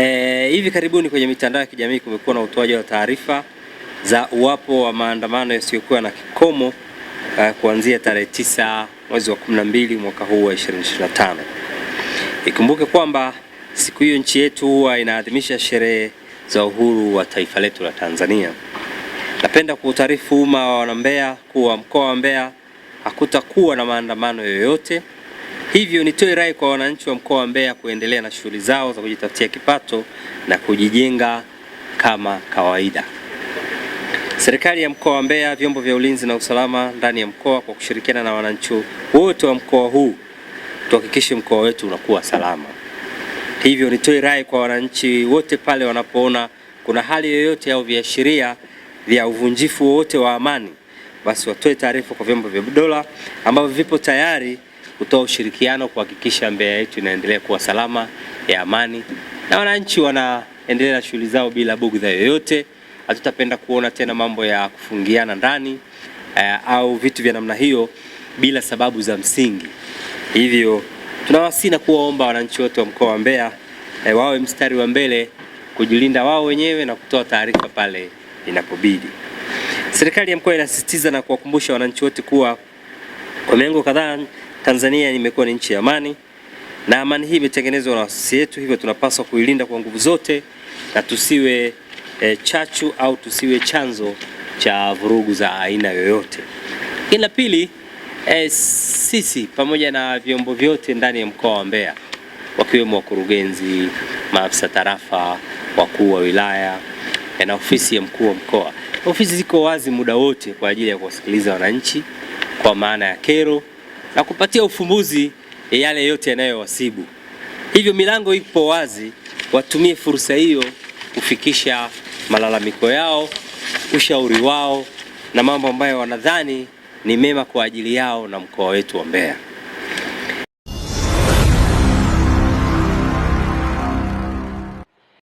E, hivi karibuni kwenye mitandao ya kijamii kumekuwa na utoaji wa taarifa za uwapo wa maandamano yasiyokuwa na kikomo uh, kuanzia tarehe tisa mwezi wa 12 mwaka huu wa 2025. Ikumbuke kwamba siku hiyo nchi yetu huwa inaadhimisha sherehe za uhuru wa taifa letu la Tanzania. Napenda kuutaarifu umma wa Mbeya kuwa mkoa wa Mbeya hakutakuwa na maandamano yoyote Hivyo nitoe rai kwa wananchi wa mkoa wa Mbeya kuendelea na shughuli zao za kujitafutia kipato na kujijenga kama kawaida. Serikali ya mkoa wa Mbeya, vyombo vya ulinzi na usalama ndani ya mkoa kwa kushirikiana na wananchi wote wa mkoa huu tuhakikishe mkoa wetu unakuwa salama. Hivyo nitoe rai kwa wananchi wote pale wanapoona kuna hali yoyote au viashiria vya uvunjifu wowote wa amani, basi watoe taarifa kwa vyombo vya dola ambavyo vipo tayari kutoa ushirikiano kuhakikisha Mbeya yetu inaendelea kuwa salama ya amani na wananchi wanaendelea na shughuli zao bila bugudha yoyote. Hatutapenda kuona tena mambo ya kufungiana ndani eh, au vitu vya namna hiyo bila sababu za msingi. Hivyo tunawasii na kuwaomba wananchi wote wa mkoa wa Mbeya eh, wawe mstari wa mbele kujilinda wao wenyewe na kutoa taarifa pale inapobidi. Serikali ya mkoa inasisitiza na kuwakumbusha wananchi wote kuwa kwa miongo kadhaa Tanzania imekuwa ni nchi ya amani na amani hii imetengenezwa na asisi yetu, hivyo tunapaswa kuilinda kwa nguvu zote na tusiwe e, chachu au tusiwe chanzo cha vurugu za aina yoyote. Lakini la pili e, sisi pamoja na vyombo vyote ndani ya mkoa wa Mbeya wakiwemo wakurugenzi, maafisa tarafa, wakuu wa wilaya na ofisi ya mkuu wa mkoa, ofisi ziko wazi muda wote kwa ajili ya kuwasikiliza wananchi kwa maana ya kero na kupatia ufumbuzi ya yale yote yanayowasibu. Hivyo milango ipo wazi, watumie fursa hiyo kufikisha malalamiko yao, ushauri wao na mambo ambayo wanadhani ni mema kwa ajili yao na mkoa wetu wa Mbeya.